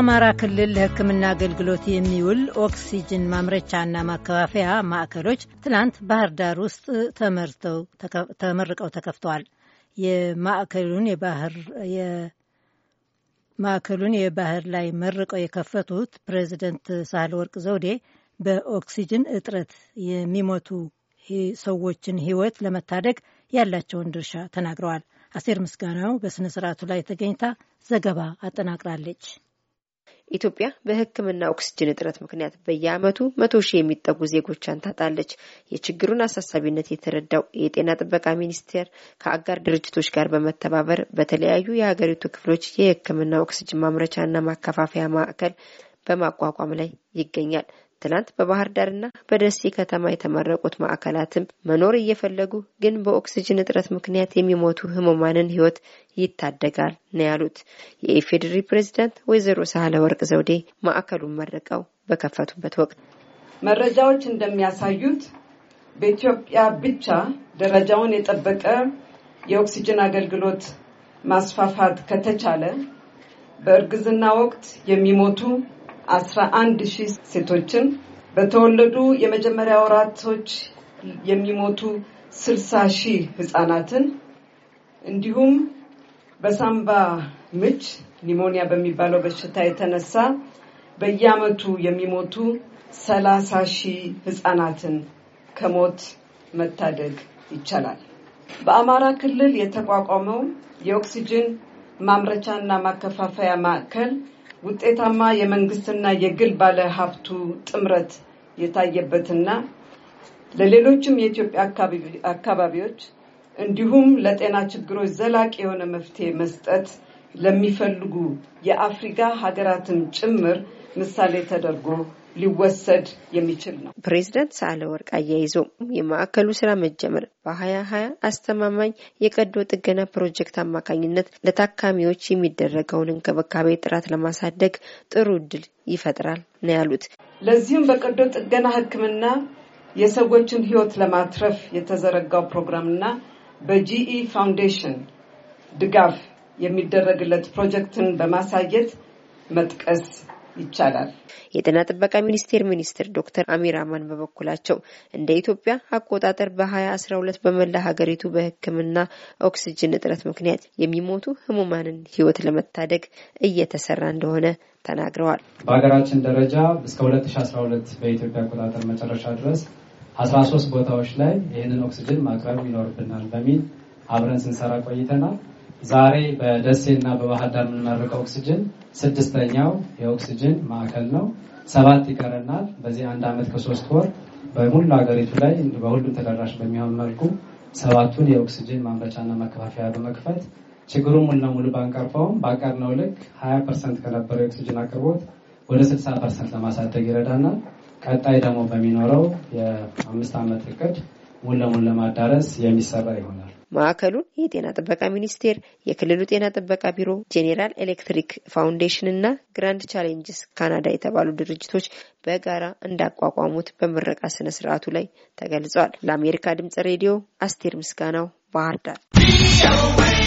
በአማራ ክልል ለሕክምና አገልግሎት የሚውል ኦክሲጅን ማምረቻና ማከፋፈያ ማዕከሎች ትናንት ባህር ዳር ውስጥ ተመርቀው ተከፍተዋል። የማዕከሉን የባህር ላይ መርቀው የከፈቱት ፕሬዚደንት ሳህለ ወርቅ ዘውዴ በኦክሲጅን እጥረት የሚሞቱ ሰዎችን ህይወት ለመታደግ ያላቸውን ድርሻ ተናግረዋል። አሴር ምስጋናው በሥነ ሥርዓቱ ላይ ተገኝታ ዘገባ አጠናቅራለች። ኢትዮጵያ በሕክምና ኦክስጅን እጥረት ምክንያት በየዓመቱ መቶ ሺህ የሚጠጉ ዜጎቿን ታጣለች። የችግሩን አሳሳቢነት የተረዳው የጤና ጥበቃ ሚኒስቴር ከአጋር ድርጅቶች ጋር በመተባበር በተለያዩ የሀገሪቱ ክፍሎች የሕክምና ኦክስጅን ማምረቻና ማከፋፈያ ማዕከል በማቋቋም ላይ ይገኛል። ትናንት በባህር ዳርና በደሴ ከተማ የተመረቁት ማዕከላትም መኖር እየፈለጉ ግን በኦክስጅን እጥረት ምክንያት የሚሞቱ ህሙማንን ህይወት ይታደጋል ነው ያሉት የኢፌዴሪ ፕሬዚዳንት ወይዘሮ ሳህለ ወርቅ ዘውዴ ማዕከሉን መርቀው በከፈቱበት ወቅት መረጃዎች እንደሚያሳዩት በኢትዮጵያ ብቻ ደረጃውን የጠበቀ የኦክስጅን አገልግሎት ማስፋፋት ከተቻለ በእርግዝና ወቅት የሚሞቱ አስራ አንድ ሺህ ሴቶችን በተወለዱ የመጀመሪያ ወራቶች የሚሞቱ ስልሳ ሺህ ህጻናትን እንዲሁም በሳምባ ምች ኒሞኒያ በሚባለው በሽታ የተነሳ በየአመቱ የሚሞቱ ሰላሳ ሺህ ህጻናትን ከሞት መታደግ ይቻላል። በአማራ ክልል የተቋቋመው የኦክሲጅን ማምረቻና ማከፋፈያ ማዕከል ውጤታማ የመንግስትና የግል ባለ ሀብቱ ጥምረት የታየበትና ለሌሎችም የኢትዮጵያ አካባቢዎች እንዲሁም ለጤና ችግሮች ዘላቂ የሆነ መፍትሄ መስጠት ለሚፈልጉ የአፍሪካ ሀገራትን ጭምር ምሳሌ ተደርጎ ሊወሰድ የሚችል ነው። ፕሬዚዳንት ወርቅ አያይዞ የማዕከሉ ስራ መጀመር በሀያ ሀያ አስተማማኝ የቀዶ ጥገና ፕሮጀክት አማካኝነት ለታካሚዎች የሚደረገውን እንክብካቤ ጥራት ለማሳደግ ጥሩ እድል ይፈጥራል ነው ያሉት። ለዚህም በቀዶ ጥገና ሕክምና የሰዎችን ህይወት ለማትረፍ የተዘረጋው ፕሮግራምና በጂኢ ፋውንዴሽን ድጋፍ የሚደረግለት ፕሮጀክትን በማሳየት መጥቀስ ይቻላል። የጤና ጥበቃ ሚኒስቴር ሚኒስትር ዶክተር አሚር አማን በበኩላቸው እንደ ኢትዮጵያ አቆጣጠር በ 2012 በመላ ሀገሪቱ በሕክምና ኦክስጅን እጥረት ምክንያት የሚሞቱ ህሙማንን ህይወት ለመታደግ እየተሰራ እንደሆነ ተናግረዋል። በሀገራችን ደረጃ እስከ 2012 በኢትዮጵያ አቆጣጠር መጨረሻ ድረስ 13 ቦታዎች ላይ ይህንን ኦክስጅን ማቅረብ ይኖርብናል በሚል አብረን ስንሰራ ቆይተናል። ዛሬ እና በባህር ዳር የምንመርቀው ኦክስጅን ስድስተኛው የኦክስጅን ማዕከል ነው። ሰባት ይቀረናል። በዚህ አንድ ዓመት ከሶስት ወር በሙሉ ሀገሪቱ ላይ በሁሉም ተደራሽ በሚሆን መልኩ ሰባቱን የኦክስጅን ማምረቻና መከፋፈያ በመክፈት ችግሩን ሙሉ ለሙሉ ባንቀርፈውም ባቀድነው ልክ ሀያ ፐርሰንት ከነበረው የኦክስጅን አቅርቦት ወደ 60 ፐርሰንት ለማሳደግ ይረዳናል። ቀጣይ ደግሞ በሚኖረው የአምስት ዓመት እቅድ ሙለሙን ለማዳረስ የሚሰራ ይሆናል። ማዕከሉን የጤና ጥበቃ ሚኒስቴር፣ የክልሉ ጤና ጥበቃ ቢሮ፣ ጄኔራል ኤሌክትሪክ ፋውንዴሽን እና ግራንድ ቻሌንጅስ ካናዳ የተባሉ ድርጅቶች በጋራ እንዳቋቋሙት በምረቃ ስነ ስርዓቱ ላይ ተገልጿል። ለአሜሪካ ድምጽ ሬዲዮ አስቴር ምስጋናው ባህር ዳር